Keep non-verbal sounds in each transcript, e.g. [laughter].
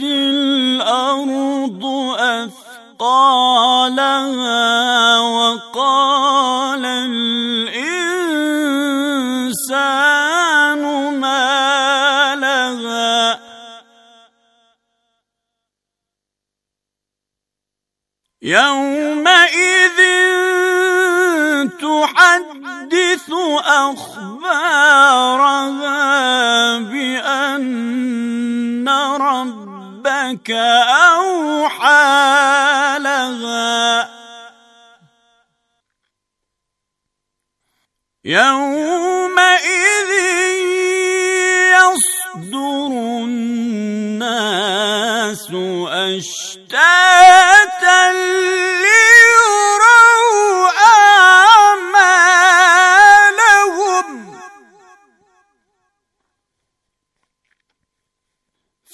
الأرض أثقالها وقال الإنسان ما لها يومئذ تحدث أخبارها بأن رب ربك أوحى لها يومئذ يصدر الناس أشتاتا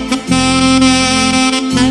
[music]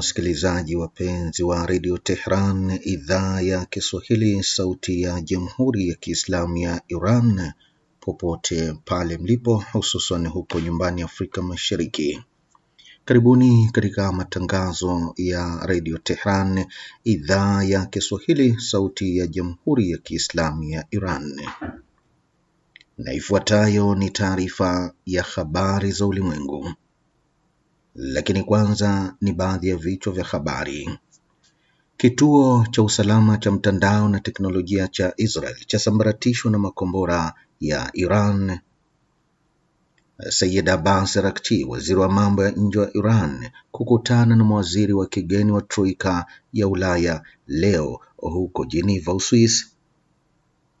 wasikilizaji wapenzi wa redio Tehran, idhaa ya Kiswahili, sauti ya jamhuri ya kiislamu ya Iran, popote pale mlipo, hususan huko nyumbani Afrika Mashariki. Karibuni katika matangazo ya redio Tehran, idhaa ya Kiswahili, sauti ya jamhuri ya kiislamu ya Iran. Na ifuatayo ni taarifa ya habari za ulimwengu lakini kwanza ni baadhi ya vichwa vya habari. Kituo cha usalama cha mtandao na teknolojia cha Israel chasambaratishwa na makombora ya Iran. Sayyid Abbas Araghchi, waziri wa mambo ya nje wa Iran, kukutana na mawaziri wa kigeni wa troika ya Ulaya leo huko Geneva, Uswisi.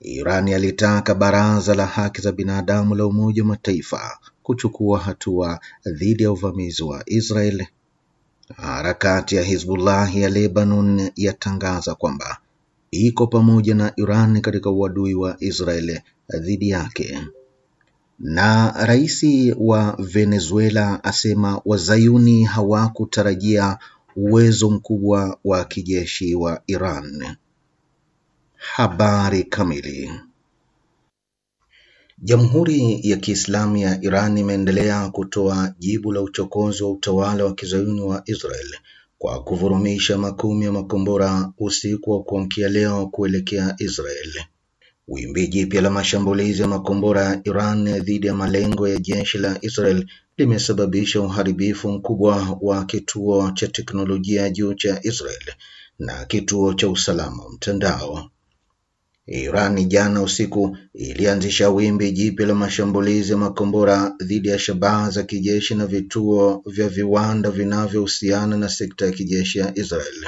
Iran yalitaka baraza la haki za binadamu la Umoja wa Mataifa kuchukua hatua dhidi ya uvamizi wa Israel. Harakati ya Hizbullah ya Lebanon yatangaza kwamba iko pamoja na Iran katika uadui wa Israel dhidi yake. Na rais wa Venezuela asema wazayuni hawakutarajia uwezo mkubwa wa kijeshi wa Iran. Habari kamili Jamhuri ya Kiislamu ya Iran imeendelea kutoa jibu la uchokozi wa utawala wa kizayuni wa Israel kwa kuvurumisha makumi ya makombora usiku wa kuamkia leo kuelekea Israel. Wimbi jipya la mashambulizi ya makombora ya Iran dhidi ya malengo ya jeshi la Israel limesababisha uharibifu mkubwa wa kituo cha teknolojia ya juu cha Israel na kituo cha usalama mtandao. Iran jana usiku ilianzisha wimbi jipya la mashambulizi ya makombora dhidi ya shabaha za kijeshi na vituo vya viwanda vinavyohusiana na sekta ya kijeshi ya Israel.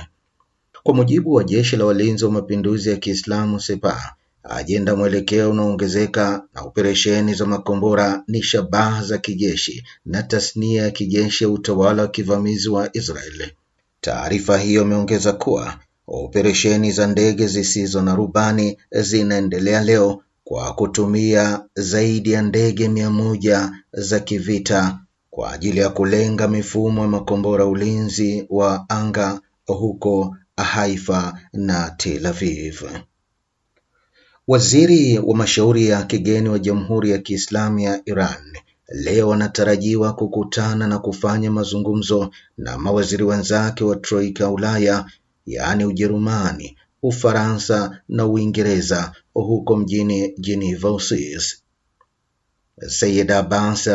Kwa mujibu wa jeshi la walinzi wa mapinduzi ya Kiislamu Sepah, ajenda mwelekeo unaoongezeka na operesheni za makombora ni shabaha za kijeshi na tasnia ya kijeshi ya utawala wa kivamizi wa Israel. Taarifa hiyo imeongeza kuwa Operesheni za ndege zisizo na rubani zinaendelea leo kwa kutumia zaidi ya ndege mia moja za kivita kwa ajili ya kulenga mifumo ya makombora ulinzi wa anga huko Haifa na Tel Aviv. Waziri wa mashauri ya kigeni wa Jamhuri ya Kiislamu ya Iran leo anatarajiwa kukutana na kufanya mazungumzo na mawaziri wenzake wa Troika Ulaya yaani Ujerumani, Ufaransa na Uingereza huko mjini Geneva, Uswisi. Sayid Abbas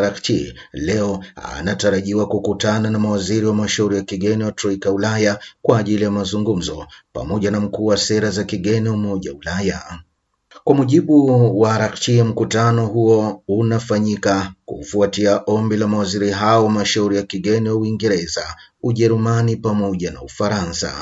leo anatarajiwa kukutana na mawaziri wa mashauri ya kigeni wa Troika Ulaya kwa ajili ya mazungumzo pamoja na mkuu wa sera za kigeni wa Umoja Ulaya. Kwa mujibu wa arakchi mkutano huo unafanyika kufuatia ombi la mawaziri hao wa mashauri ya kigeni wa Uingereza, Ujerumani pamoja na Ufaransa.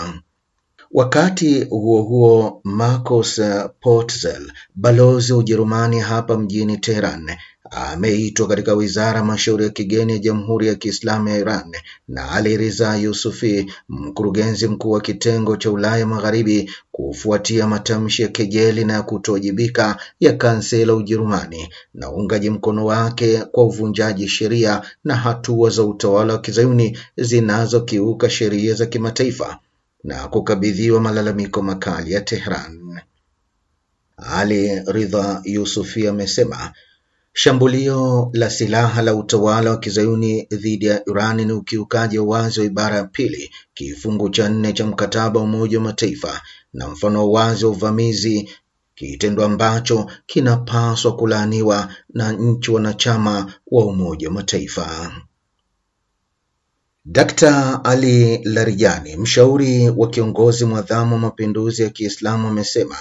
Wakati huo huo, Marcos Potzel, balozi wa Ujerumani hapa mjini Teheran, ameitwa katika wizara mashauri ya kigeni ya Jamhuri ya Kiislamu ya Iran, na Ali Riza Yusufi, mkurugenzi mkuu wa kitengo cha Ulaya Magharibi, kufuatia matamshi ya kejeli na ya kutowajibika ya kansela Ujerumani na uungaji mkono wake kwa uvunjaji sheria na hatua za utawala wa kizayuni zinazokiuka sheria za kimataifa na kukabidhiwa malalamiko makali ya Tehran. Ali Ridha Yusufi amesema shambulio la silaha la utawala wa kizayuni dhidi ya Iran ni ukiukaji wazi wa ibara ya pili kifungu cha nne cha mkataba wa Umoja wa Mataifa na mfano wazi wa uvamizi, kitendo ambacho kinapaswa kulaaniwa na nchi wanachama wa Umoja wa Mataifa. Dkt Ali Larijani, mshauri wa kiongozi mwadhamu wa mapinduzi ya Kiislamu, amesema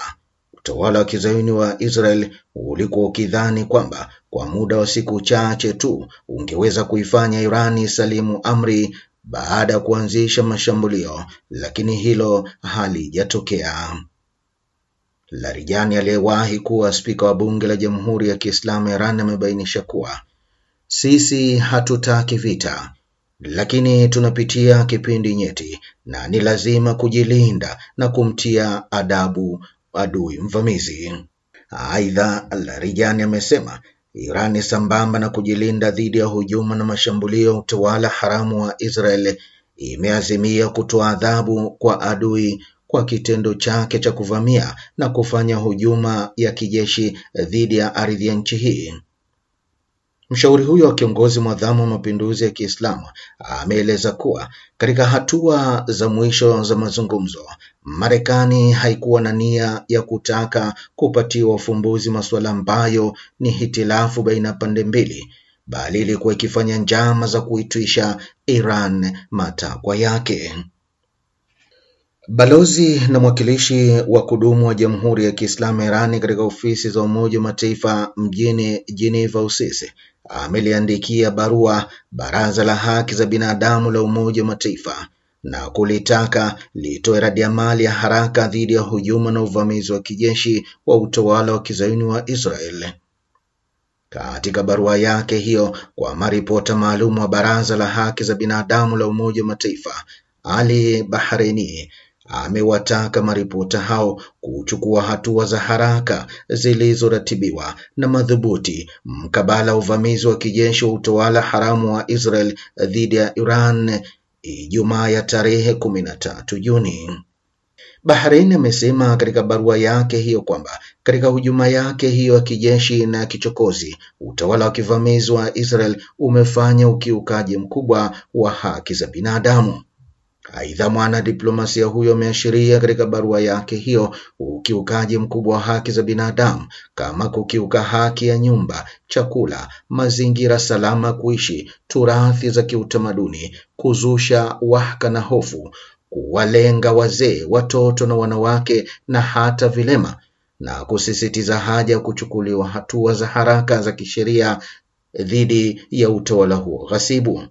utawala wa kizayuni wa Israel ulikuwa ukidhani kwamba kwa muda wa siku chache tu ungeweza kuifanya Irani salimu amri baada ya kuanzisha mashambulio, lakini hilo halijatokea. Larijani aliyewahi kuwa spika wa bunge la Jamhuri ya Kiislamu ya Iran amebainisha kuwa sisi hatutaki vita lakini tunapitia kipindi nyeti na ni lazima kujilinda na kumtia adabu adui mvamizi. Aidha, Larijani amesema Irani sambamba na kujilinda dhidi ya hujuma na mashambulio ya utawala haramu wa Israel imeazimia kutoa adhabu kwa adui kwa kitendo chake cha kuvamia na kufanya hujuma ya kijeshi dhidi ya ardhi ya nchi hii. Mshauri huyo wa kiongozi mwadhamu wa mapinduzi ya Kiislamu ameeleza kuwa katika hatua za mwisho za mazungumzo, Marekani haikuwa na nia ya kutaka kupatiwa ufumbuzi masuala ambayo ni hitilafu baina ya pande mbili, bali ilikuwa ikifanya njama za kuitwisha Iran matakwa yake. Balozi na mwakilishi wa kudumu wa Jamhuri ya Kiislamu Irani katika ofisi za Umoja wa Mataifa mjini Geneva, Uswisi ameliandikia barua Baraza la Haki za Binadamu la Umoja wa Mataifa na kulitaka litoe radiamali ya haraka dhidi ya hujuma na uvamizi wa kijeshi wa utawala wa kizayuni wa Israel. Katika barua yake hiyo kwa maripota maalum wa Baraza la Haki za Binadamu la Umoja wa Mataifa, Ali Bahreini amewataka maripota hao kuchukua hatua za haraka zilizoratibiwa na madhubuti mkabala uvamizi wa kijeshi wa utawala haramu wa Israel dhidi ya Iran Ijumaa ya tarehe kumi na tatu Juni. Bahrain amesema katika barua yake hiyo kwamba katika hujuma yake hiyo ya kijeshi na kichokozi, utawala wa kivamizi wa Israel umefanya ukiukaji mkubwa wa haki za binadamu. Aidha, mwanadiplomasia huyo ameashiria katika barua yake hiyo ukiukaji mkubwa wa haki za binadamu kama kukiuka haki ya nyumba, chakula, mazingira salama kuishi, turathi za kiutamaduni, kuzusha wahaka na hofu, kuwalenga wazee, watoto na wanawake na hata vilema, na kusisitiza haja ya kuchukuliwa hatua za haraka za kisheria dhidi ya utawala huo ghasibu.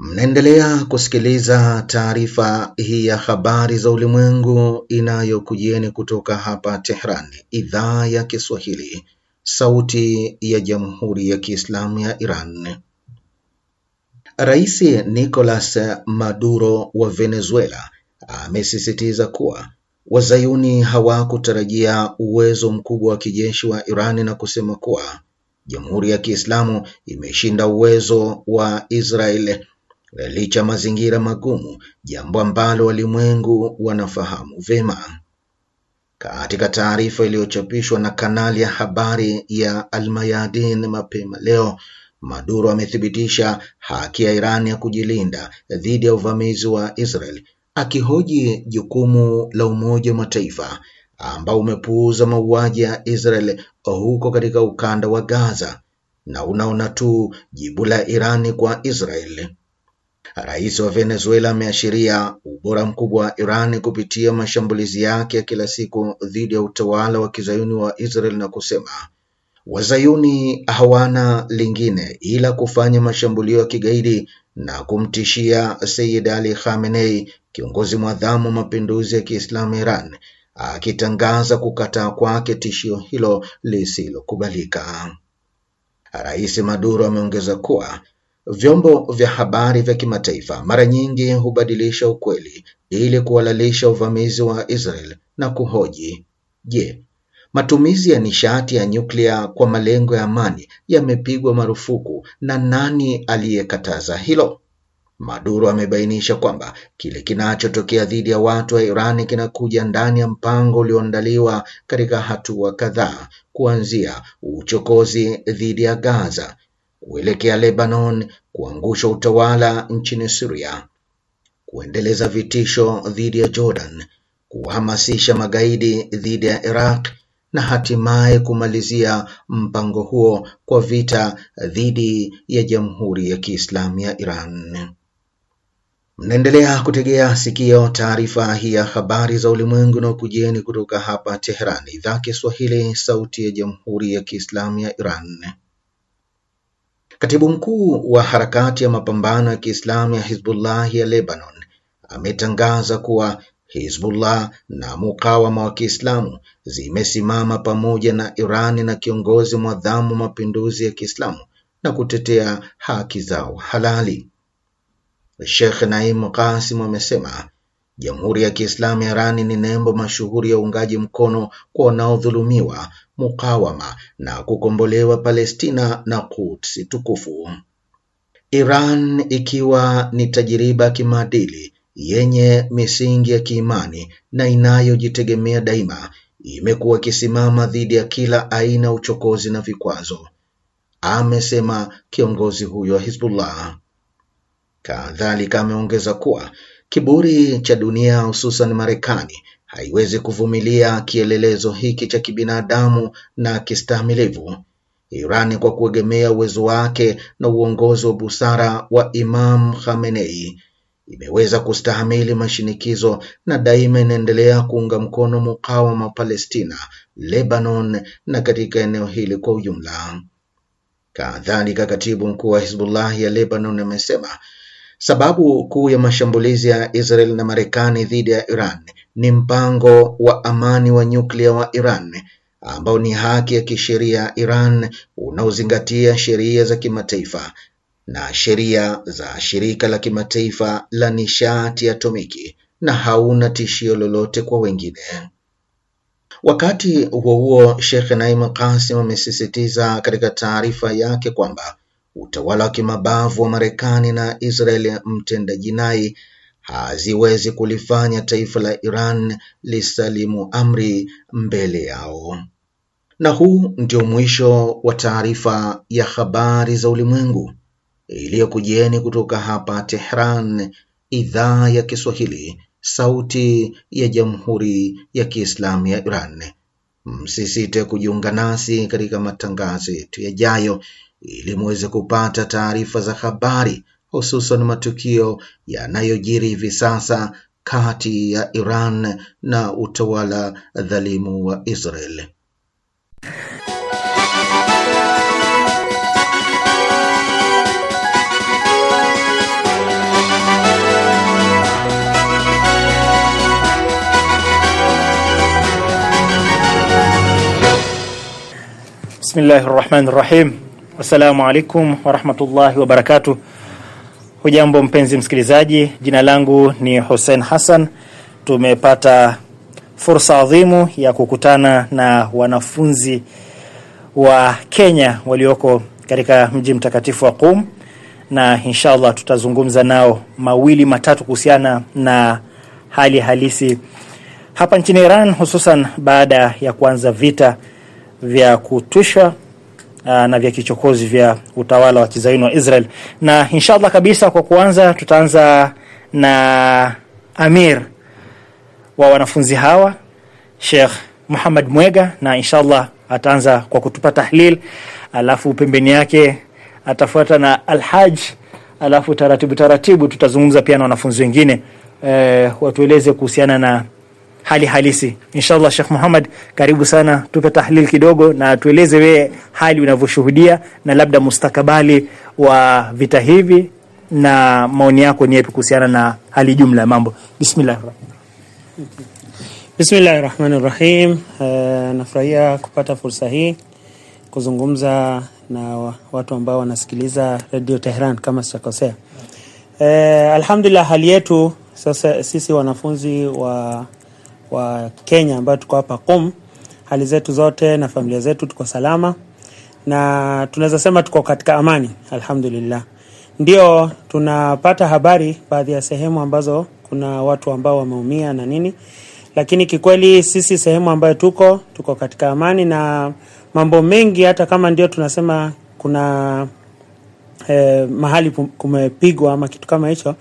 Mnaendelea kusikiliza taarifa hii ya habari za ulimwengu inayokujieni kutoka hapa Tehran, idhaa ya Kiswahili, sauti ya jamhuri ya kiislamu ya Iran. Rais Nicolas Maduro wa Venezuela amesisitiza kuwa wazayuni hawakutarajia uwezo mkubwa wa kijeshi wa Iran na kusema kuwa jamhuri ya kiislamu imeshinda uwezo wa Israel licha mazingira magumu, jambo ambalo walimwengu wanafahamu vema Katika taarifa iliyochapishwa na kanali ya habari ya Almayadin mapema leo, Maduro amethibitisha haki ya Iran ya kujilinda dhidi ya uvamizi wa Israel, akihoji jukumu la Umoja wa Mataifa ambao umepuuza mauaji ya Israel huko katika ukanda wa Gaza na unaona tu jibu la Irani kwa Israel. Rais wa Venezuela ameashiria ubora mkubwa wa Iran kupitia mashambulizi yake ya kila siku dhidi ya utawala wa kizayuni wa Israel na kusema wazayuni hawana lingine ila kufanya mashambulio ya kigaidi na kumtishia Sayyid Ali Khamenei, kiongozi mwadhamu wa mapinduzi ya Kiislamu Iran, akitangaza kukataa kwake tishio hilo lisilokubalika. Rais Maduro ameongeza kuwa Vyombo vya habari vya kimataifa mara nyingi hubadilisha ukweli ili kuhalalisha uvamizi wa Israel na kuhoji, je, matumizi ya nishati ya nyuklia kwa malengo ya amani yamepigwa marufuku na nani aliyekataza hilo? Maduro amebainisha kwamba kile kinachotokea dhidi ya watu wa Irani kinakuja ndani ya mpango ulioandaliwa katika hatua kadhaa kuanzia uchokozi dhidi ya Gaza, kuelekea Lebanon, kuangusha utawala nchini Syria, kuendeleza vitisho dhidi ya Jordan, kuhamasisha magaidi dhidi ya Iraq na hatimaye kumalizia mpango huo kwa vita dhidi ya Jamhuri ya Kiislamu ya Iran. Mnaendelea kutegea sikio taarifa hii ya habari za ulimwengu na ukujieni kutoka hapa Tehran, idhaa Kiswahili, sauti ya Jamhuri ya Kiislamu ya Iran. Katibu mkuu wa harakati ya mapambano ya Kiislamu ya Hizbullah ya Lebanon ametangaza kuwa Hizbullah na mukawama wa Kiislamu zimesimama pamoja na Irani na kiongozi mwadhamu wa mapinduzi ya Kiislamu na kutetea haki zao halali. Sheikh Naim Qasim amesema Jamhuri ya Kiislamu ya Irani ni nembo mashuhuri ya uungaji mkono kwa wanaodhulumiwa, mukawama na kukombolewa Palestina na Quds tukufu. Iran ikiwa ni tajiriba kimaadili yenye misingi ya kiimani na inayojitegemea daima, imekuwa ikisimama dhidi ya kila aina ya uchokozi na vikwazo, amesema kiongozi huyo wa Hizbullah. Kadhalika ameongeza kuwa Kiburi cha dunia hususan Marekani haiwezi kuvumilia kielelezo hiki cha kibinadamu na kistahimilivu. Irani kwa kuegemea uwezo wake na uongozi wa busara wa Imam Khamenei imeweza kustahamili mashinikizo na daima inaendelea kuunga mkono mukawama wa Palestina, Lebanon na katika eneo hili kwa ujumla. Kadhalika, katibu mkuu wa hizbullahi ya Lebanon amesema Sababu kuu ya mashambulizi ya Israel na Marekani dhidi ya Iran ni mpango wa amani wa nyuklia wa Iran ambao ni haki ya kisheria ya Iran unaozingatia sheria za kimataifa na sheria za shirika la kimataifa la nishati ya atomiki na hauna tishio lolote kwa wengine. Wakati huo huo, Sheikh Naim Qasim amesisitiza katika taarifa yake kwamba utawala wa kimabavu wa Marekani na israel mtenda jinai haziwezi kulifanya taifa la Iran lisalimu amri mbele yao. Na huu ndio mwisho wa taarifa ya habari za ulimwengu iliyokujieni kutoka hapa Tehran, idhaa ya Kiswahili, sauti ya Jamhuri ya Kiislamu ya Iran. Msisite kujiunga nasi katika matangazo yetu yajayo ili muweze kupata taarifa za habari, hususan matukio yanayojiri hivi sasa kati ya Iran na utawala dhalimu wa Israel. Bismillahi rahmani rahim. Assalamu alaikum warahmatullahi wabarakatu. Hujambo mpenzi msikilizaji, jina langu ni Hussein Hassan. Tumepata fursa adhimu ya kukutana na wanafunzi wa Kenya walioko katika mji mtakatifu wa Qum, na inshallah tutazungumza nao mawili matatu kuhusiana na hali halisi hapa nchini Iran, hususan baada ya kuanza vita vya kutwishwa Uh, na vya kichokozi vya utawala wa kizaini wa Israel. Na inshallah kabisa, kwa kuanza, tutaanza na amir wa wanafunzi hawa Sheikh Muhammad Mwega, na inshallah ataanza kwa kutupa tahlil, alafu pembeni yake atafuata na Alhaj, alafu taratibu taratibu tutazungumza pia na wanafunzi wengine e, watueleze kuhusiana na hali halisi. Inshallah Sheikh Muhammad, karibu sana, tupe tahlil kidogo na tueleze wewe hali unavyoshuhudia na labda mustakabali wa vita hivi na maoni yako ni yapi kuhusiana na hali jumla ya mambo. Bismillah. Bismillahir Rahmanir Rahim. Uh, nafurahia kupata fursa hii kuzungumza na watu ambao wanasikiliza Radio Tehran kama sitakosea. Uh, alhamdulillah hali yetu sasa sisi wanafunzi wa wa Kenya ambayo tuko hapa com hali zetu zote na familia zetu tuko salama na tunaweza sema tuko katika amani alhamdulillah. Ndio tunapata habari baadhi ya sehemu ambazo kuna watu ambao wameumia na nini, lakini kikweli sisi sehemu ambayo tuko tuko katika amani na mambo mengi, hata kama ndio tunasema kuna eh, mahali kumepigwa ama kitu kama hicho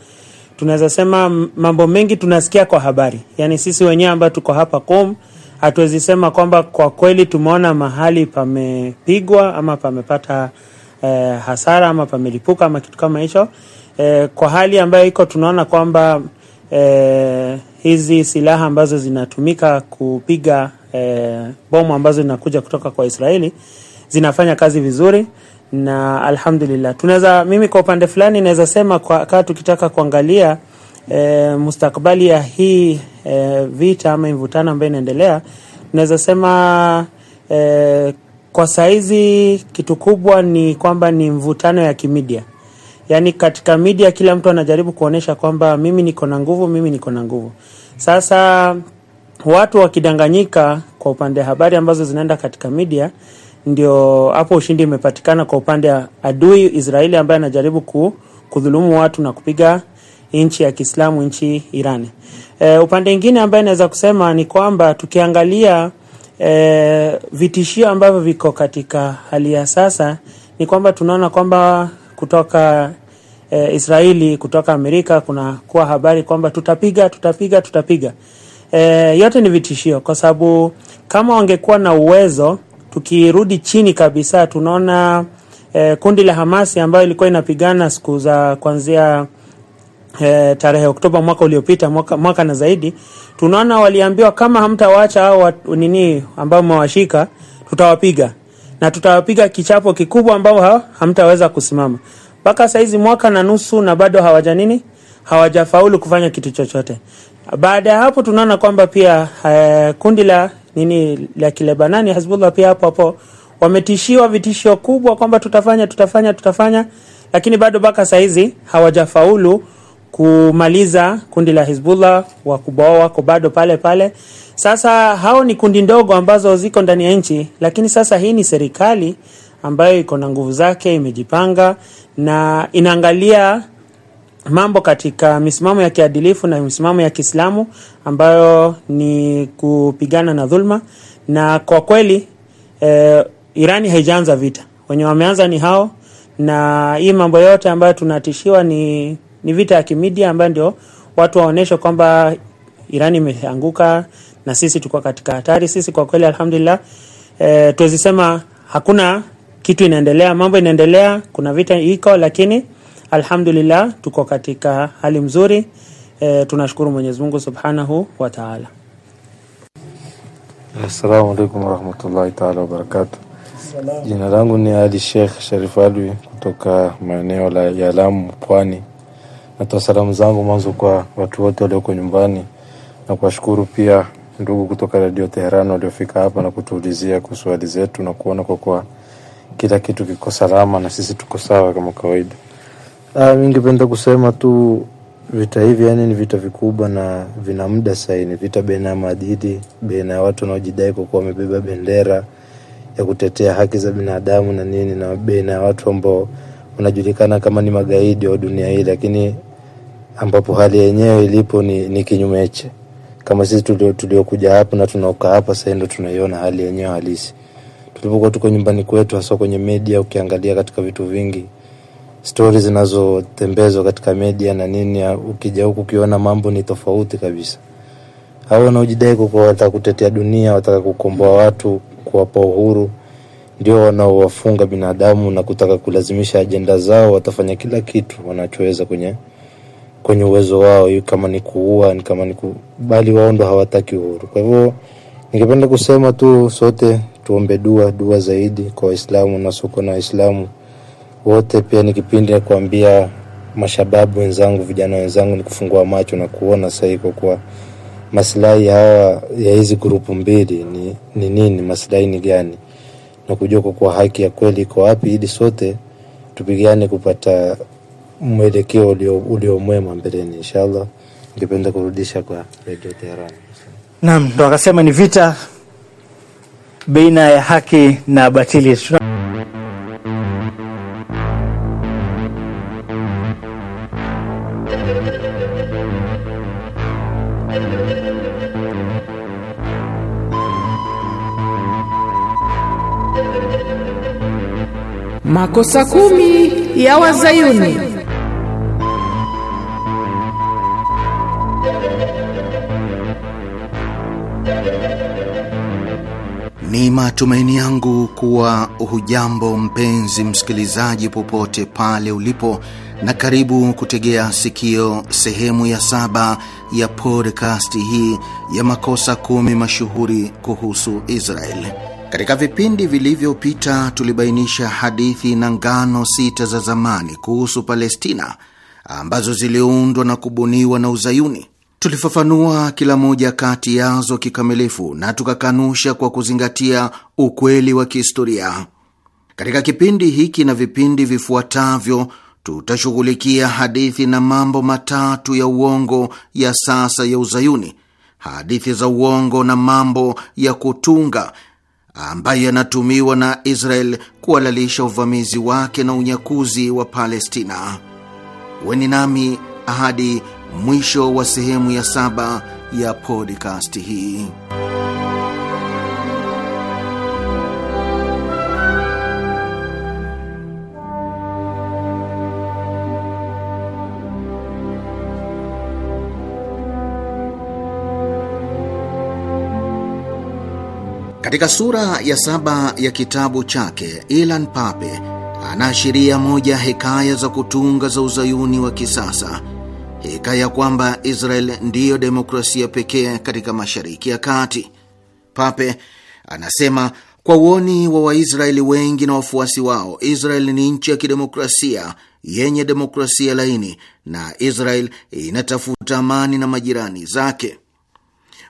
tunaweza sema mambo mengi tunasikia kwa habari, yaani sisi wenyewe ambayo tuko hapa kom hatuwezi sema kwamba kwa kweli tumeona mahali pamepigwa ama pamepata eh, hasara ama pamelipuka ama kitu kama hicho. Eh, kwa hali ambayo iko tunaona kwamba eh, hizi silaha ambazo zinatumika kupiga eh, bomu ambazo zinakuja kutoka kwa Israeli zinafanya kazi vizuri na alhamdulillah tunaweza, mimi kwa upande fulani naweza sema kwa kaa tukitaka kuangalia e, mustakbali ya hii e, vita ama mvutano ambayo inaendelea, tunaweza sema e, kwa saizi kitu kubwa ni kwamba ni mvutano ya kimedia, yaani katika media kila mtu anajaribu kuonesha kwamba mimi niko na nguvu, mimi niko na nguvu. Sasa watu wakidanganyika kwa upande habari ambazo zinaenda katika media ndio hapo ushindi imepatikana kwa upande wa adui Israeli ambaye anajaribu ku, kudhulumu watu na kupiga nchi ya Kiislamu nchi Irani. E, upande mwingine ambaye naweza kusema ni kwamba tukiangalia e, vitishio ambavyo viko katika hali ya sasa ni kwamba tunaona kwamba kutoka e, Israeli kutoka Amerika kuna kuwa habari kwamba tutapiga tutapiga tutapiga. E, yote ni vitishio kwa sababu kama wangekuwa na uwezo Tukirudi chini kabisa tunaona e, kundi la Hamasi ambayo ilikuwa inapigana siku za kuanzia e, tarehe Oktoba mwaka uliopita mwaka, mwaka na zaidi, tunaona waliambiwa kama hamtawacha au nini ambao mmewashika, tutawapiga na tutawapiga kichapo kikubwa ambao ha, hamtaweza kusimama. Mpaka saizi mwaka na nusu na bado hawaja nini, hawajafaulu kufanya kitu chochote. Baada ya hapo tunaona kwamba pia e, kundi la nini la Kilebanani Hezbollah pia hapo hapo wametishiwa vitishio kubwa kwamba tutafanya tutafanya tutafanya, lakini bado mpaka saa hizi hawajafaulu kumaliza kundi la Hizbullah wa kuboa wako bado pale pale. Sasa hao ni kundi ndogo ambazo ziko ndani ya nchi, lakini sasa hii ni serikali ambayo iko na nguvu zake, imejipanga na inaangalia mambo katika misimamo ya kiadilifu na misimamo ya Kiislamu ambayo ni kupigana na dhulma, na kwa kweli e, eh, Irani haijaanza vita, wenye wameanza ni hao, na hii mambo yote ambayo tunatishiwa ni, ni vita ya kimidia ambayo ndio watu waoneshe kwamba Irani imeanguka na sisi tuko katika hatari. Sisi kwa kweli alhamdulillah, e, eh, tuwezisema hakuna kitu inaendelea, mambo inaendelea, kuna vita iko lakini Alhamdulillah, tuko katika hali mzuri e, tunashukuru Mwenyezi Mungu Subhanahu wa Ta'ala. Assalamu alaykum warahmatullahi ta'ala wabarakatu Jina langu ni Ali Sheikh Sharif Alwi kutoka maeneo la ya Lamu Pwani. Natoa salamu zangu mwanzo kwa watu wote walioko nyumbani na kuwashukuru pia ndugu kutoka Radio Tehran waliofika hapa na kutuulizia kuswali zetu na kuona kwa kwa kila kitu kiko salama na sisi tuko sawa kama kawaida. Ah, mi ningependa kusema tu vita hivi yani ni vita vikubwa na vina muda saini, vita baina ya madidi, baina ya watu wanaojidai kwa kuwa wamebeba bendera ya kutetea haki za binadamu na nini, na baina ya watu ambao wanajulikana kama ni magaidi wa dunia hii, lakini ambapo hali yenyewe ilipo ni, ni kinyumeche. Kama sisi tuliokuja hapa na tunaokaa hapa sasa, ndio tunaiona hali yenyewe halisi. Tulipokuwa tuko nyumbani kwetu, hasa kwenye media, ukiangalia katika vitu vingi stori zinazotembezwa katika media na nini, ukija huku ukiona mambo ni tofauti kabisa. Hao wanaojidai kuwa wataka kutetea dunia, wataka kukomboa watu, kuwapa uhuru, ndio wanaowafunga binadamu na kutaka kulazimisha ajenda zao. Watafanya kila kitu wanachoweza kwenye kwenye uwezo wao, kama ni kuua, kama ni bali wao ndo hawataki uhuru. Kwa hivyo ningependa kusema tu sote tuombe dua, dua zaidi kwa Waislamu na soko na Waislamu wote. Pia ni kipindi ya kuambia mashababu wenzangu, vijana wenzangu, ni kufungua macho na kuona sahihi, kwa kuwa masilahi hawa ya hizi grupu mbili ni, ni nini, maslahi ni gani, na kujua kwa kuwa haki ya kweli iko wapi, ili sote tupigane kupata mwelekeo ulio mwema mbeleni, inshallah. Ningependa kurudisha kwa Radio Tehran. Naam, ndo akasema ni vita baina ya haki na batili. Makosa kumi ya Wazayuni. Ni matumaini yangu kuwa hujambo mpenzi msikilizaji, popote pale ulipo, na karibu kutegea sikio sehemu ya saba ya podcast hii ya makosa kumi mashuhuri kuhusu Israeli. Katika vipindi vilivyopita tulibainisha hadithi na ngano sita za zamani kuhusu Palestina ambazo ziliundwa na kubuniwa na Uzayuni. Tulifafanua kila moja kati yazo kikamilifu na tukakanusha kwa kuzingatia ukweli wa kihistoria. Katika kipindi hiki na vipindi vifuatavyo, tutashughulikia hadithi na mambo matatu ya uongo ya sasa ya Uzayuni, hadithi za uongo na mambo ya kutunga ambayo yanatumiwa na Israel kuhalalisha uvamizi wake na unyakuzi wa Palestina. Weni nami hadi mwisho wa sehemu ya saba ya podcast hii. Katika sura ya saba ya kitabu chake Ilan Pape anaashiria moja ya hekaya za kutunga za uzayuni wa kisasa, hekaya kwamba Israel ndiyo demokrasia pekee katika Mashariki ya Kati. Pape anasema kwa uoni wa Waisraeli wengi na wafuasi wao, Israel ni nchi ya kidemokrasia yenye demokrasia laini, na Israel inatafuta amani na majirani zake.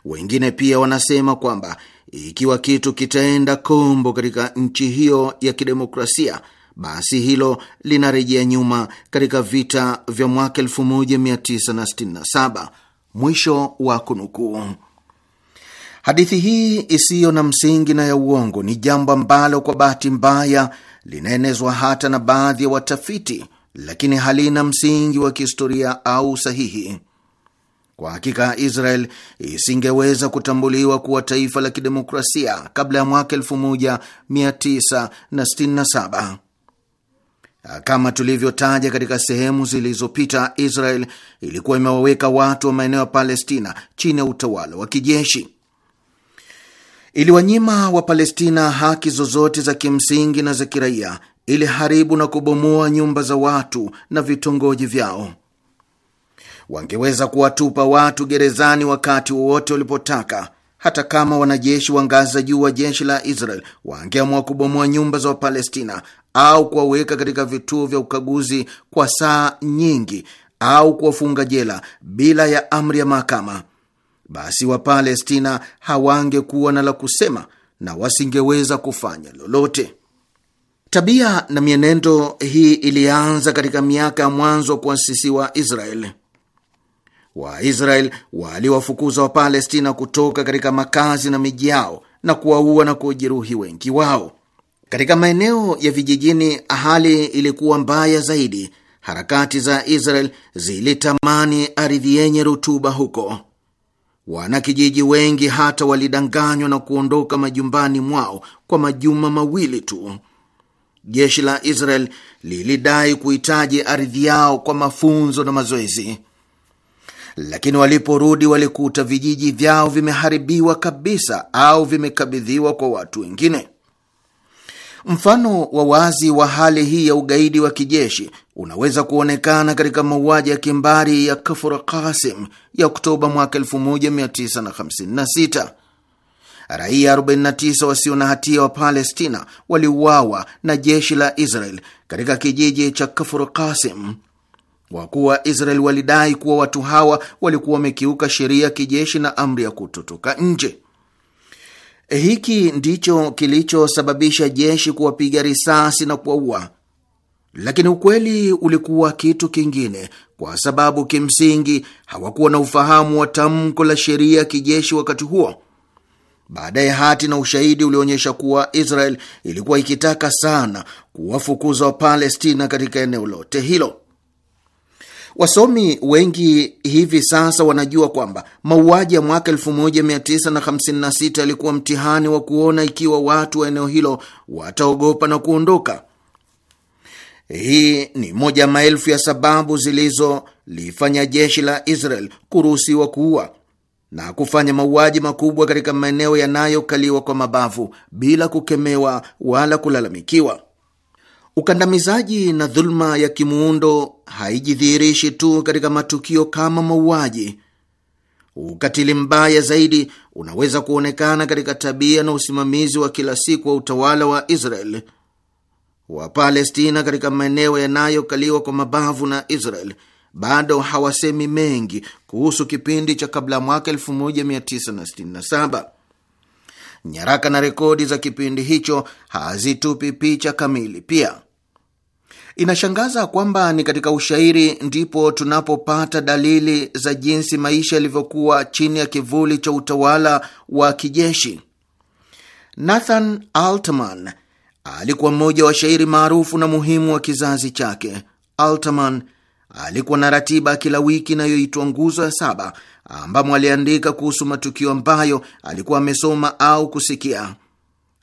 Wengine pia wanasema kwamba ikiwa kitu kitaenda kombo katika nchi hiyo ya kidemokrasia, basi hilo linarejea nyuma katika vita vya mwaka 1967. Mwisho wa kunukuu. Hadithi hii isiyo na msingi na ya uongo ni jambo ambalo kwa bahati mbaya linaenezwa hata na baadhi ya watafiti, lakini halina msingi wa kihistoria au sahihi. Kwa hakika Israel isingeweza kutambuliwa kuwa taifa la kidemokrasia kabla ya mwaka 1967. Kama tulivyotaja katika sehemu zilizopita, Israel ilikuwa imewaweka watu wa maeneo ya Palestina chini ya utawala wa kijeshi. Iliwanyima wa palestina haki zozote za kimsingi na za kiraia, iliharibu na kubomoa nyumba za watu na vitongoji vyao wangeweza kuwatupa watu gerezani wakati wowote walipotaka. Hata kama wanajeshi wa ngazi za juu wa jeshi la Israel wangeamua kubomoa nyumba za Wapalestina au kuwaweka katika vituo vya ukaguzi kwa saa nyingi au kuwafunga jela bila ya amri ya mahakama, basi Wapalestina hawangekuwa na la kusema na wasingeweza kufanya lolote. Tabia na mienendo hii ilianza katika miaka ya mwanzo wa kuasisiwa Israeli. Waisrael waliwafukuza Wapalestina kutoka katika makazi na miji yao na kuwaua na kujeruhi wengi wao. Katika maeneo ya vijijini, hali ilikuwa mbaya zaidi. Harakati za Israel zilitamani ardhi yenye rutuba huko. Wanakijiji wengi hata walidanganywa na kuondoka majumbani mwao kwa majuma mawili tu. Jeshi la Israel lilidai kuhitaji ardhi yao kwa mafunzo na mazoezi lakini waliporudi walikuta vijiji vyao vimeharibiwa kabisa au vimekabidhiwa kwa watu wengine. Mfano wa wazi wa hali hii ya ugaidi wa kijeshi unaweza kuonekana katika mauaji ya kimbari ya Kafur Qasim ya Oktoba mwaka 1956. Raia 49 wasio na hatia wa Palestina waliuawa na jeshi la Israel katika kijiji cha Kafur Qasim. Kwa kuwa Israeli walidai kuwa watu hawa walikuwa wamekiuka sheria ya kijeshi na amri ya kutotoka nje. Hiki ndicho kilichosababisha jeshi kuwapiga risasi na kuwaua. Lakini ukweli ulikuwa kitu kingine, kwa sababu kimsingi hawakuwa na ufahamu wa tamko la sheria ya kijeshi wakati huo. Baadaye hati na ushahidi ulionyesha kuwa Israel ilikuwa ikitaka sana kuwafukuza Wapalestina katika eneo lote hilo. Wasomi wengi hivi sasa wanajua kwamba mauaji ya mwaka 1956 yalikuwa mtihani wa kuona ikiwa watu wa eneo hilo wataogopa na kuondoka. Hii ni moja ya maelfu ya sababu zilizolifanya jeshi la Israel kuruhusiwa kuua na kufanya mauaji makubwa katika maeneo yanayokaliwa kwa mabavu bila kukemewa wala kulalamikiwa. Ukandamizaji na dhuluma ya kimuundo haijidhihirishi tu katika matukio kama mauaji. Ukatili mbaya zaidi unaweza kuonekana katika tabia na usimamizi wa kila siku wa utawala wa Israel. Wapalestina katika maeneo yanayokaliwa kwa mabavu na Israel bado hawasemi mengi kuhusu kipindi cha kabla mwaka 1967. Nyaraka na rekodi za kipindi hicho hazitupi picha kamili pia Inashangaza kwamba ni katika ushairi ndipo tunapopata dalili za jinsi maisha yalivyokuwa chini ya kivuli cha utawala wa kijeshi. Nathan Altman alikuwa mmoja wa shairi maarufu na muhimu wa kizazi chake. Altman alikuwa na ratiba kila wiki inayoitwa Nguzo ya Saba, ambamo aliandika kuhusu matukio ambayo alikuwa amesoma au kusikia.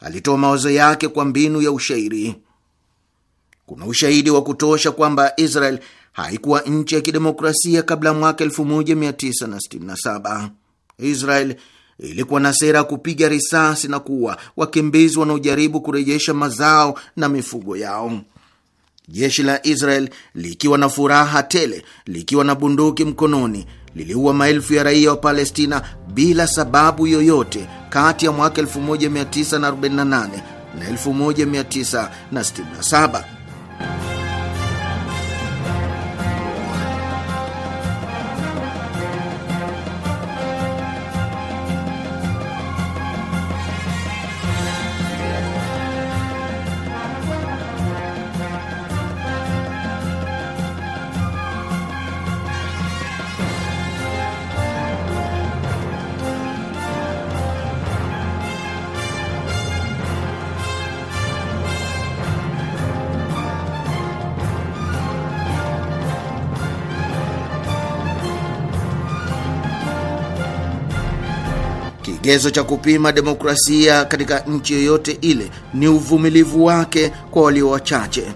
Alitoa mawazo yake kwa mbinu ya ushairi kuna ushahidi wa kutosha kwamba Israel haikuwa nchi ya kidemokrasia kabla ya mwaka 1967. Israel ilikuwa na sera ya kupiga risasi na kuua wakimbizi wanaojaribu kurejesha mazao na mifugo yao. Jeshi la Israel likiwa na furaha tele, likiwa na bunduki mkononi, liliua maelfu ya raia wa Palestina bila sababu yoyote kati ya mwaka 1948 na 1967. Bye. Kigezo cha kupima demokrasia katika nchi yoyote ile ni uvumilivu wake kwa walio wachache.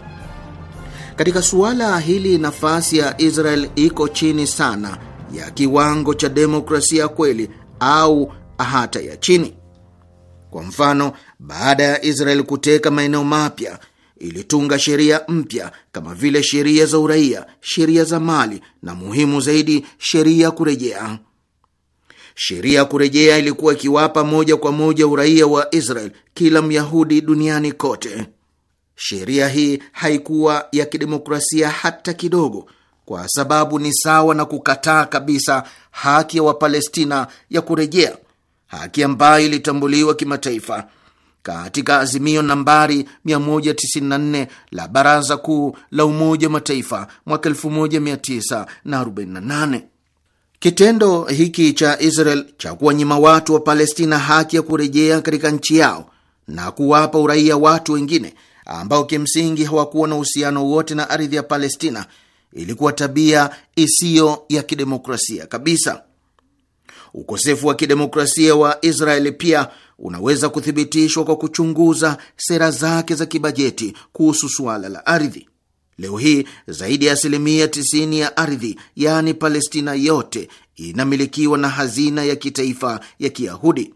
Katika suala hili, nafasi ya Israel iko chini sana ya kiwango cha demokrasia kweli au hata ya chini. Kwa mfano, baada ya Israel kuteka maeneo mapya ilitunga sheria mpya kama vile sheria za uraia, sheria za mali na muhimu zaidi, sheria kurejea. Sheria ya kurejea ilikuwa ikiwapa moja kwa moja uraia wa Israel kila Myahudi duniani kote. Sheria hii haikuwa ya kidemokrasia hata kidogo, kwa sababu ni sawa na kukataa kabisa haki ya Wapalestina ya kurejea, haki ambayo ilitambuliwa kimataifa katika azimio nambari 194 la Baraza Kuu la Umoja wa Mataifa mwaka 1948. Kitendo hiki cha Israel cha kuwanyima watu wa Palestina haki ya kurejea katika nchi yao na kuwapa uraia watu wengine ambao kimsingi hawakuwa na uhusiano wote na ardhi ya Palestina ilikuwa tabia isiyo ya kidemokrasia kabisa. Ukosefu wa kidemokrasia wa Israeli pia unaweza kuthibitishwa kwa kuchunguza sera zake za kibajeti kuhusu suala la ardhi. Leo hii zaidi ya asilimia 90 ya ardhi yaani Palestina yote inamilikiwa na hazina ya kitaifa ya Kiyahudi.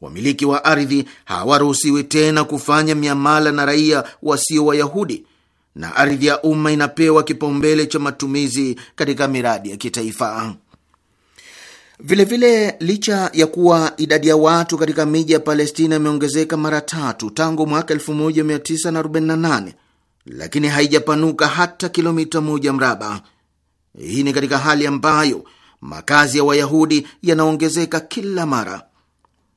Wamiliki wa ardhi hawaruhusiwi tena kufanya miamala na raia wasio Wayahudi, na ardhi ya umma inapewa kipaumbele cha matumizi katika miradi ya kitaifa. Vilevile vile, licha ya kuwa idadi ya watu katika miji ya Palestina imeongezeka mara tatu tangu mwaka 1948 lakini haijapanuka hata kilomita moja mraba. Hii ni katika hali ambayo makazi ya Wayahudi yanaongezeka kila mara.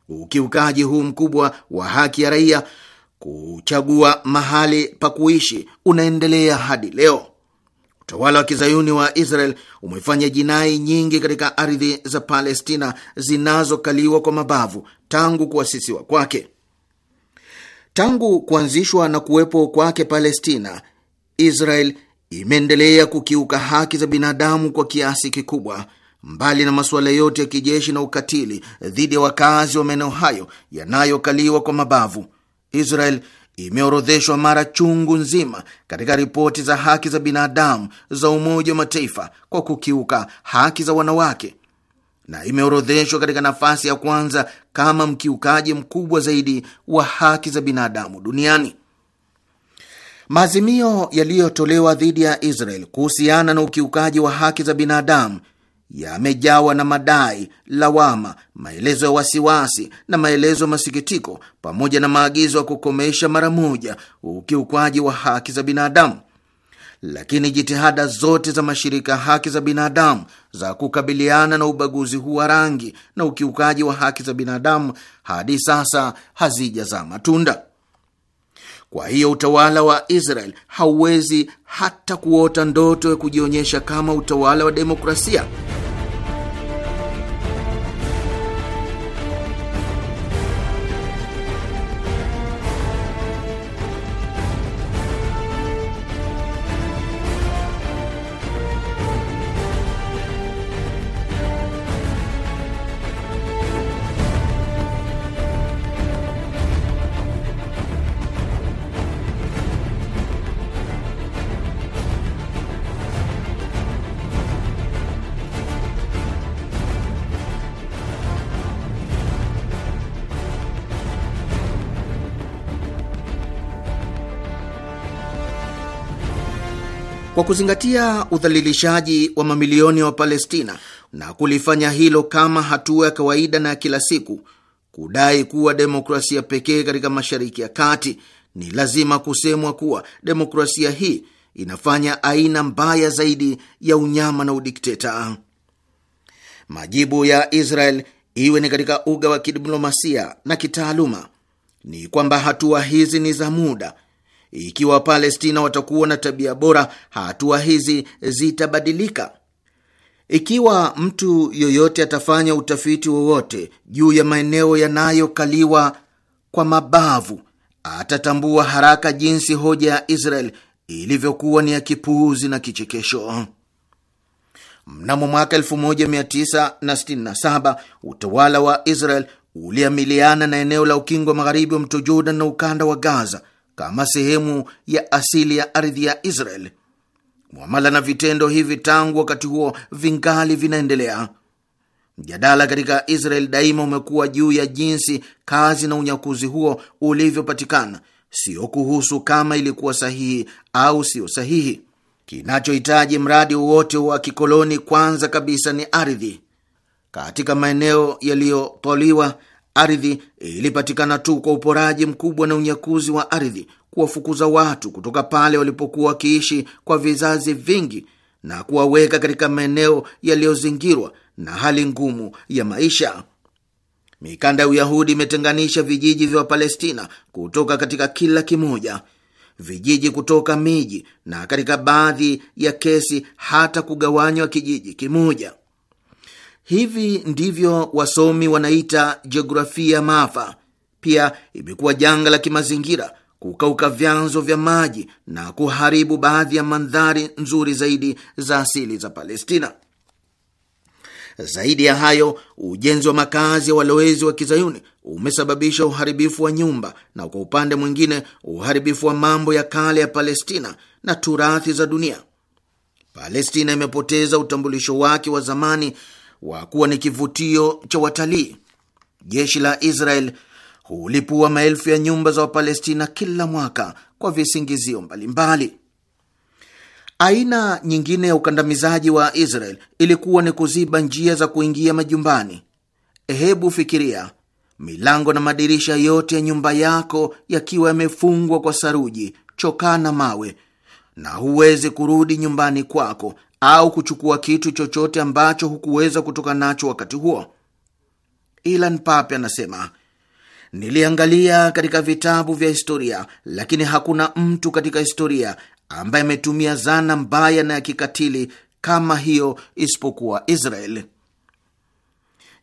Ukiukaji huu mkubwa wa haki ya raia kuchagua mahali pa kuishi unaendelea hadi leo. Utawala wa kizayuni wa Israel umefanya jinai nyingi katika ardhi za Palestina zinazokaliwa kwa mabavu tangu kuasisiwa kwake. Tangu kuanzishwa na kuwepo kwake Palestina, Israel imeendelea kukiuka haki za binadamu kwa kiasi kikubwa. Mbali na masuala yote ya kijeshi na ukatili dhidi ya wakazi wa maeneo hayo yanayokaliwa kwa mabavu, Israel imeorodheshwa mara chungu nzima katika ripoti za haki za binadamu za Umoja wa Mataifa kwa kukiuka haki za wanawake, na imeorodheshwa katika nafasi ya kwanza kama mkiukaji mkubwa zaidi wa haki za binadamu duniani. Maazimio yaliyotolewa dhidi ya Israel kuhusiana na ukiukaji wa haki za binadamu yamejawa na madai, lawama, maelezo ya wasiwasi na maelezo ya masikitiko, pamoja na maagizo ya kukomesha mara moja ukiukwaji wa haki za binadamu lakini jitihada zote za mashirika haki za binadamu za kukabiliana na ubaguzi huu wa rangi na ukiukaji wa haki za binadamu hadi sasa hazijazaa matunda. Kwa hiyo utawala wa Israel hauwezi hata kuota ndoto ya kujionyesha kama utawala wa demokrasia. kuzingatia udhalilishaji wa mamilioni ya wa Wapalestina na kulifanya hilo kama hatua ya kawaida na ya kila siku, kudai kuwa demokrasia pekee katika Mashariki ya Kati, ni lazima kusemwa kuwa demokrasia hii inafanya aina mbaya zaidi ya unyama na udikteta. Majibu ya Israel, iwe ni katika uga wa kidiplomasia na kitaaluma, ni kwamba hatua hizi ni za muda ikiwa Wapalestina watakuwa na tabia bora, hatua hizi zitabadilika. Ikiwa mtu yoyote atafanya utafiti wowote juu ya maeneo yanayokaliwa kwa mabavu, atatambua haraka jinsi hoja ya Israel ilivyokuwa ni ya kipuuzi na kichekesho. Mnamo mwaka 1967 utawala wa Israel uliamiliana na eneo la ukingo wa magharibi wa mto Jordan na ukanda wa Gaza kama sehemu ya asili ya ardhi ya Israel. Mwamala na vitendo hivi tangu wakati huo vingali vinaendelea. Mjadala katika Israel daima umekuwa juu ya jinsi kazi na unyakuzi huo ulivyopatikana, sio kuhusu kama ilikuwa sahihi au siyo sahihi. Kinachohitaji mradi wowote wa kikoloni kwanza kabisa ni ardhi. Katika maeneo yaliyotwaliwa ardhi ilipatikana tu kwa uporaji mkubwa na unyakuzi wa ardhi, kuwafukuza watu kutoka pale walipokuwa wakiishi kwa vizazi vingi na kuwaweka katika maeneo yaliyozingirwa na hali ngumu ya maisha. Mikanda ya Uyahudi imetenganisha vijiji vya Wapalestina kutoka katika kila kimoja, vijiji kutoka miji, na katika baadhi ya kesi hata kugawanywa kijiji kimoja. Hivi ndivyo wasomi wanaita jiografia maafa. Pia imekuwa janga la kimazingira, kukauka vyanzo vya maji na kuharibu baadhi ya mandhari nzuri zaidi za asili za Palestina. Zaidi ya hayo, ujenzi wa makazi ya walowezi wa kizayuni umesababisha uharibifu wa nyumba na kwa upande mwingine uharibifu wa mambo ya kale ya Palestina na turathi za dunia. Palestina imepoteza utambulisho wake wa zamani wa kuwa ni kivutio cha watalii. Jeshi la Israel hulipua maelfu ya nyumba za Wapalestina kila mwaka kwa visingizio mbalimbali. Aina nyingine ya ukandamizaji wa Israel ilikuwa ni kuziba njia za kuingia majumbani. Hebu fikiria milango na madirisha yote ya nyumba yako yakiwa yamefungwa kwa saruji, chokaa na mawe, na huwezi kurudi nyumbani kwako au kuchukua kitu chochote ambacho hukuweza kutoka nacho wakati huo. Ilan Pape anasema niliangalia katika vitabu vya historia, lakini hakuna mtu katika historia ambaye ametumia zana mbaya na ya kikatili kama hiyo isipokuwa Israel.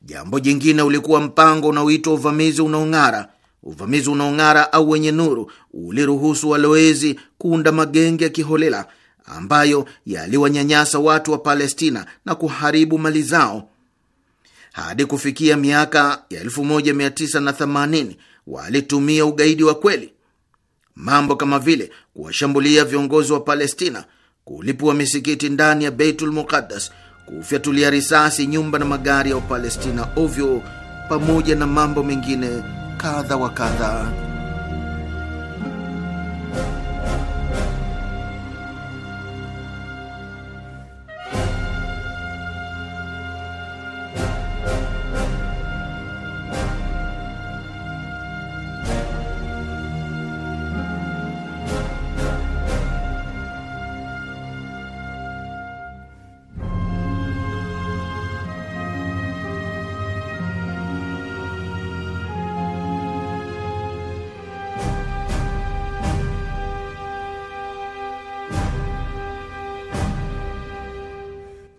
Jambo jingine ulikuwa mpango unaoitwa uvamizi unaong'ara. Uvamizi unaong'ara au wenye nuru uliruhusu walowezi kuunda magenge ya kiholela ambayo yaliwanyanyasa watu wa Palestina na kuharibu mali zao. Hadi kufikia miaka ya 1980 walitumia ugaidi wa kweli, mambo kama vile kuwashambulia viongozi wa Palestina, kulipua misikiti ndani ya Beitul Muqaddas, kufyatulia risasi nyumba na magari ya Wapalestina ovyo, pamoja na mambo mengine kadha wa kadha.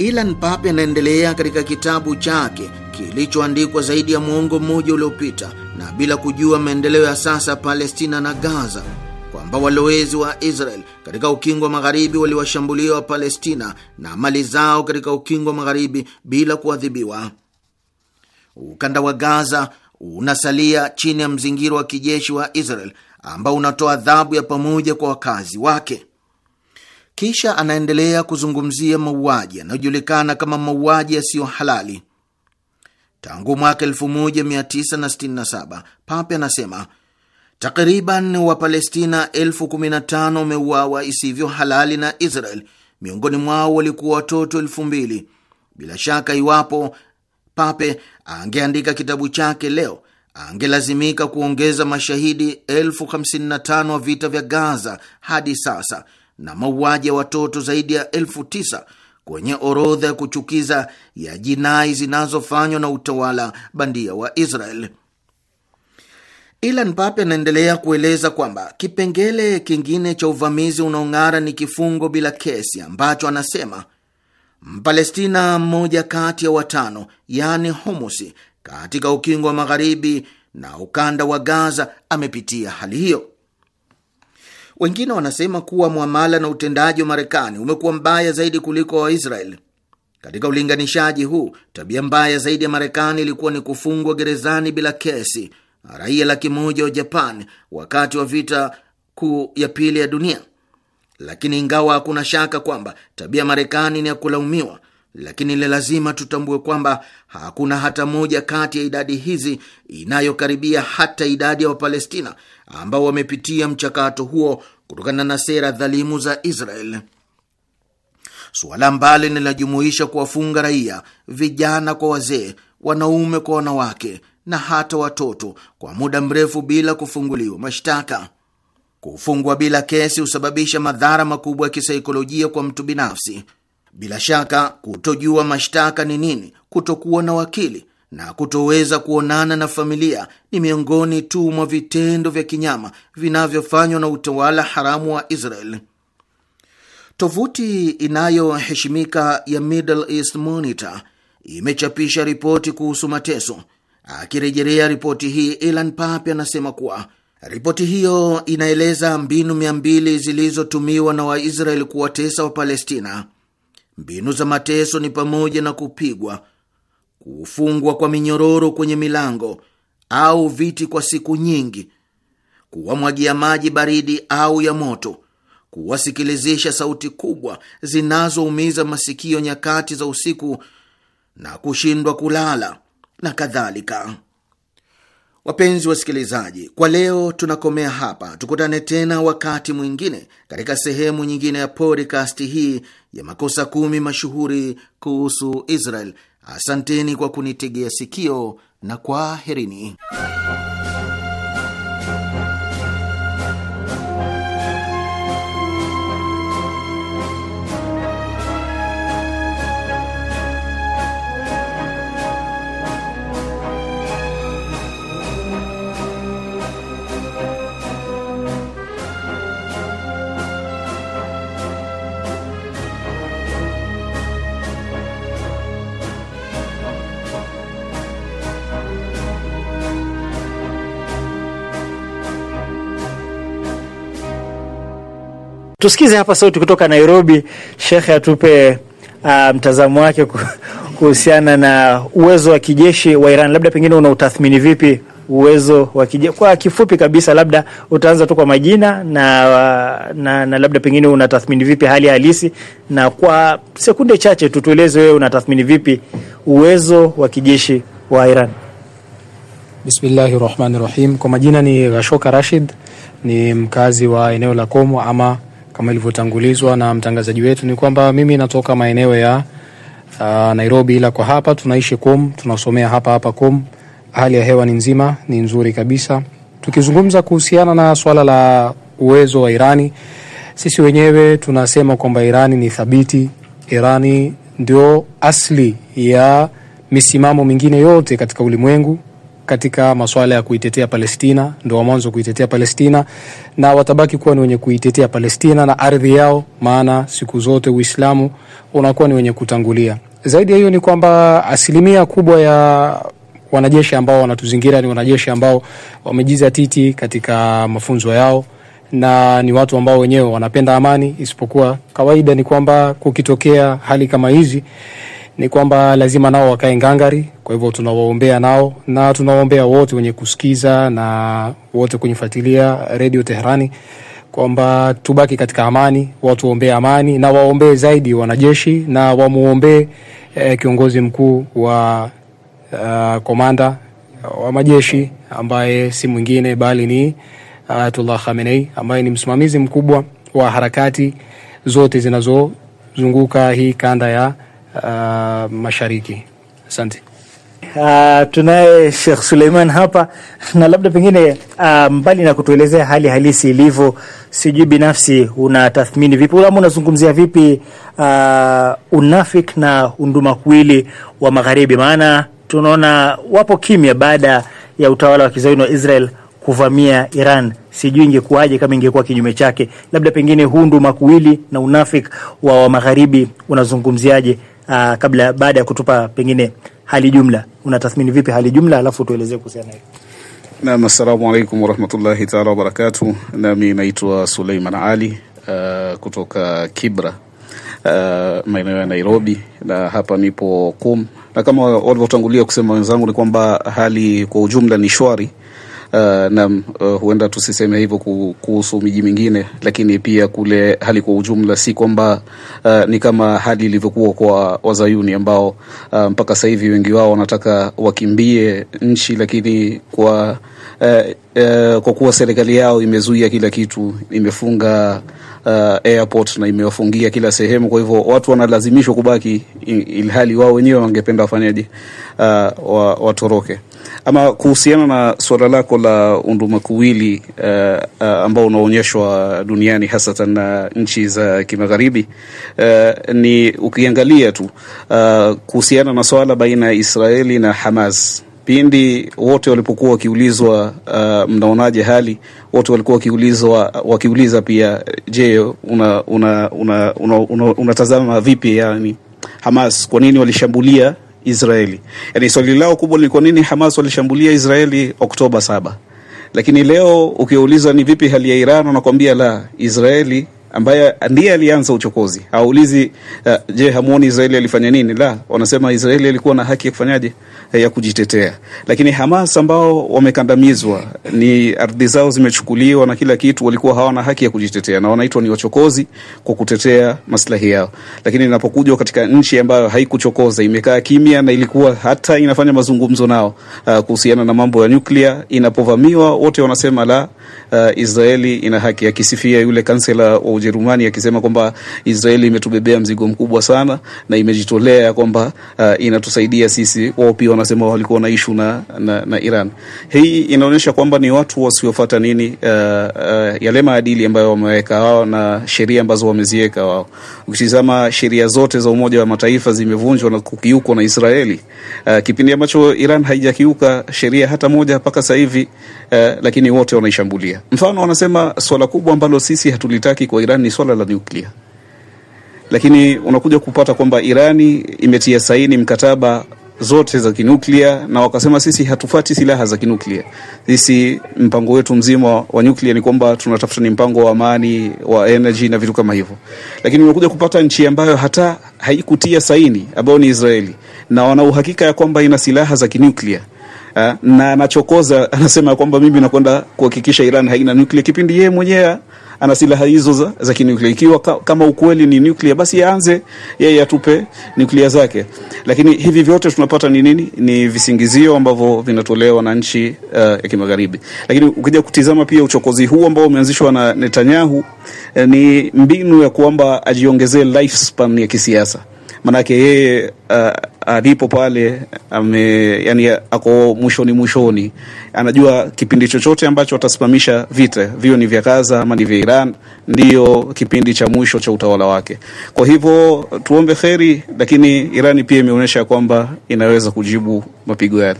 Ilan Pape anaendelea katika kitabu chake kilichoandikwa zaidi ya muongo mmoja uliopita na bila kujua maendeleo ya sasa Palestina na Gaza kwamba walowezi wa Israel katika ukingo wa magharibi waliwashambulia wa Palestina na mali zao katika ukingo wa magharibi bila kuadhibiwa. Ukanda wa Gaza unasalia chini ya mzingiro wa kijeshi wa Israel ambao unatoa adhabu ya pamoja kwa wakazi wake. Kisha anaendelea kuzungumzia mauaji yanayojulikana kama mauaji yasiyo halali. Tangu mwaka 1967 Pape anasema takriban Wapalestina elfu kumi na tano wameuawa isivyo halali na Israel, miongoni mwao walikuwa watoto elfu mbili. Bila shaka iwapo Pape angeandika kitabu chake leo angelazimika kuongeza mashahidi elfu hamsini na tano wa vita vya Gaza hadi sasa na mauaji ya watoto zaidi ya elfu tisa kwenye orodha ya kuchukiza ya jinai zinazofanywa na utawala bandia wa Israel. Ilan Pape anaendelea kueleza kwamba kipengele kingine cha uvamizi unaong'ara ni kifungo bila kesi ambacho anasema Mpalestina mmoja kati ya watano, yani humusi, katika ukingo wa magharibi na ukanda wa Gaza amepitia hali hiyo. Wengine wanasema kuwa mwamala na utendaji wa Marekani umekuwa mbaya zaidi kuliko waisrael Katika ulinganishaji huu, tabia mbaya zaidi ya Marekani ilikuwa ni kufungwa gerezani bila kesi raia laki moja wa Japan wakati wa vita kuu ya pili ya dunia. Lakini ingawa hakuna shaka kwamba tabia Marekani ni ya kulaumiwa, lakini ni lazima tutambue kwamba hakuna hata moja kati ya idadi hizi inayokaribia hata idadi ya Wapalestina ambao wamepitia mchakato huo kutokana na sera dhalimu za Israel, suala ambalo linajumuisha kuwafunga raia, vijana kwa wazee, wanaume kwa wanawake na hata watoto kwa muda mrefu bila kufunguliwa mashtaka. Kufungwa bila kesi husababisha madhara makubwa ya kisaikolojia kwa mtu binafsi. Bila shaka kutojua mashtaka ni nini, kutokuwa na wakili na kutoweza kuonana na familia ni miongoni tu mwa vitendo vya kinyama vinavyofanywa na utawala haramu wa Israel. Tovuti inayoheshimika ya Middle East Monitor imechapisha ripoti kuhusu mateso. Akirejelea ripoti hii, Elan Pape anasema kuwa ripoti hiyo inaeleza mbinu mia mbili zilizotumiwa na Waisraeli kuwatesa Wapalestina. Mbinu za mateso ni pamoja na kupigwa, kufungwa kwa minyororo kwenye milango au viti kwa siku nyingi, kuwamwagia maji baridi au ya moto, kuwasikilizisha sauti kubwa zinazoumiza masikio nyakati za usiku na kushindwa kulala na kadhalika. Wapenzi wasikilizaji, kwa leo tunakomea hapa. Tukutane tena wakati mwingine katika sehemu nyingine ya podcast hii ya makosa kumi mashuhuri kuhusu Israel. Asanteni kwa kunitegea sikio na kwaherini. Tusikize hapa sauti kutoka Nairobi. Shekhe atupe uh, mtazamo wake kuhusiana na uwezo wa kijeshi wa Iran, labda pengine unautathmini vipi uwezo wa kijeshi kwa kifupi kabisa, labda utaanza tu kwa majina na, na, na labda pengine unatathmini vipi hali halisi, na kwa sekunde chache tutueleze wewe unatathmini vipi uwezo wa kijeshi wa Iran. Bismillahir rahmani Rahim, kwa majina ni Rashoka Rashid, ni mkazi wa eneo la Komo ama kama ilivyotangulizwa na mtangazaji wetu, ni kwamba mimi natoka maeneo ya uh, Nairobi, ila kwa hapa tunaishi Kum, tunasomea hapa hapa Kum. Hali ya hewa ni nzima, ni nzuri kabisa. Tukizungumza kuhusiana na swala la uwezo wa Irani, sisi wenyewe tunasema kwamba Irani ni thabiti. Irani ndio asili ya misimamo mingine yote katika ulimwengu katika masuala ya kuitetea Palestina, ndio wa mwanzo kuitetea Palestina na watabaki kuwa ni wenye kuitetea Palestina na ardhi yao, maana siku zote Uislamu unakuwa ni wenye kutangulia. Zaidi ya hiyo ni kwamba asilimia kubwa ya wanajeshi ambao wanatuzingira ni wanajeshi ambao wamejiza titi katika mafunzo yao na ni watu ambao wenyewe wanapenda amani, isipokuwa kawaida ni kwamba kukitokea hali kama hizi ni kwamba lazima nao wakae ngangari. Kwa hivyo tunawaombea nao na tunawaombea wote wenye kusikiza na wote kunyifuatilia redio Teherani kwamba tubaki katika amani, watuombee amani na waombee zaidi wanajeshi na wamwombee eh, kiongozi mkuu wa uh, komanda wa majeshi ambaye si mwingine bali ni Ayatullah uh, Khamenei ambaye ni msimamizi mkubwa wa harakati zote zinazozunguka hii kanda ya uh, mashariki. Asante. Uh, tunaye Sheikh Suleiman hapa na labda pengine uh, mbali na kutuelezea hali halisi ilivyo, sijui binafsi una tathmini vipi ama unazungumzia vipi uh, unafik na undumakuwili wa magharibi? Maana tunaona wapo kimya baada ya utawala wa kizayuni wa Israel kuvamia Iran. Sijui ingekuwaje kama ingekuwa kinyume chake. Labda pengine huu ndumakuwili na unafik wa, wa magharibi unazungumziaje? uh, kabla baada ya kutupa pengine hali jumla, unatathmini vipi hali jumla, alafu tuelezee kuhusiana hiyo. Naam, assalamu alaykum warahmatullahi taala wabarakatuh. Nami naitwa Suleiman Ali uh, kutoka Kibra uh, maeneo ya Nairobi na hapa nipo kum, na kama walivyotangulia kusema wenzangu ni kwamba hali kwa ujumla ni shwari uh, eh, na uh, eh, huenda tusiseme hivyo kuhusu miji mingine, lakini pia kule hali kwa ujumla si kwamba uh, ni kama hali ilivyokuwa kwa wazayuni ambao uh, mpaka sasa hivi wengi wao wanataka wakimbie nchi, lakini kwa uh, uh, kwa kuwa serikali yao imezuia kila kitu, imefunga uh, airport na imewafungia kila sehemu. Kwa hivyo watu wanalazimishwa kubaki, ilhali wao wenyewe wangependa wafanyaje, uh, watoroke. Ama kuhusiana na suala lako la undumakuwili uh, uh, ambao unaonyeshwa duniani hasatan na nchi za kimagharibi uh, ni ukiangalia tu uh, kuhusiana na swala baina ya Israeli na Hamas pindi wote walipokuwa wakiulizwa uh, mnaonaje hali, wote walikuwa wakiulizwa wakiuliza pia, je, unatazama una, una, una, una vipi yani Hamas kwa nini walishambulia Israeli. Yaani swali lao kubwa ni kwa nini Hamas walishambulia Israeli Oktoba saba, lakini leo ukiuliza ni vipi hali ya Iran wanakuambia la, Israeli ambaye ndiye alianza uchokozi. hawaulizi uh, ah, je, hamuoni Israeli alifanya nini? La, wanasema Israeli alikuwa na haki ya kufanyaje? Eh, ya kujitetea. Lakini Hamas ambao wamekandamizwa, ni ardhi zao zimechukuliwa na kila kitu, walikuwa hawana haki ya kujitetea na wanaitwa ni wachokozi kwa kutetea maslahi yao. Lakini inapokujwa katika nchi ambayo haikuchokoza, imekaa kimya na ilikuwa hata inafanya mazungumzo nao uh, kuhusiana na mambo ya nyuklia, inapovamiwa wote wanasema la, uh, Israeli ina haki, akisifia yule kansela wa Ujerumani akisema kwamba Israeli imetubebea mzigo mkubwa sana na imejitolea kwamba uh, inatusaidia sisi, wao pia wanasema walikuwa na ishu na, na, na Iran. Hii inaonyesha kwamba ni watu wasiofuata nini, uh, uh, yale maadili ambayo wameweka wao na sheria ambazo wameziweka wao. Ukitizama sheria zote za Umoja wa Mataifa zimevunjwa na kukiukwa na Israeli, uh, kipindi ambacho Iran haijakiuka sheria hata moja mpaka sasa hivi, uh, lakini wote wanaishambulia. Mfano wanasema swala kubwa ambalo sisi hatulitaki kwa Iran ni swala la nyuklia lakini unakuja kupata kwamba Irani imetia saini mkataba zote za kinuklia, na wakasema sisi hatufuati silaha za kinuklia. Sisi mpango wetu mzima wa nyuklia ni kwamba tunatafuta ni mpango wa amani wa energy na vitu kama hivyo, lakini umekuja kupata nchi ambayo hata haikutia saini, ambayo ni Israeli, na wana uhakika ya kwamba ina silaha za kinuklia ah, na anachokoza [laughs] anasema kwamba mimi nakwenda kuhakikisha Iran haina nuklia, kipindi yeye mwenyewe ana silaha hizo za, za kinuklia. Ikiwa ka, kama ukweli ni nuklia, basi aanze yeye atupe nuklia zake. Lakini hivi vyote tunapata ni nini? Ni visingizio ambavyo vinatolewa na nchi uh, ya kimagharibi. Lakini ukija kutizama pia uchokozi huu ambao umeanzishwa na Netanyahu eh, ni mbinu ya kwamba ajiongezee lifespan ya kisiasa manake yeye uh, alipo pale ame, yani ako mwishoni mwishoni, anajua kipindi chochote ambacho atasimamisha vita vio ni vya Gaza ama ni vya Iran, ndiyo kipindi cha mwisho cha utawala wake. Kwa hivyo tuombe kheri, lakini Irani pia imeonyesha kwamba inaweza kujibu mapigo yale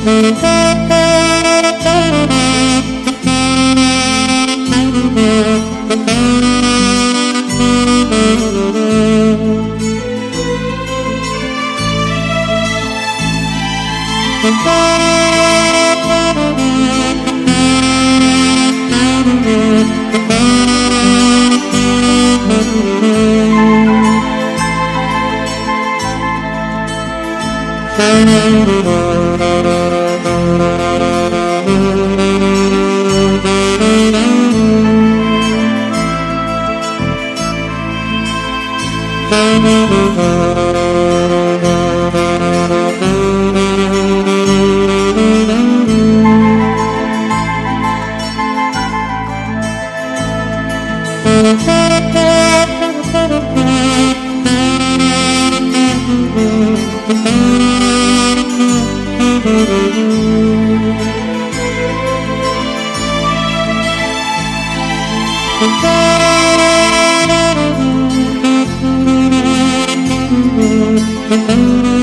Thank you. Thank you.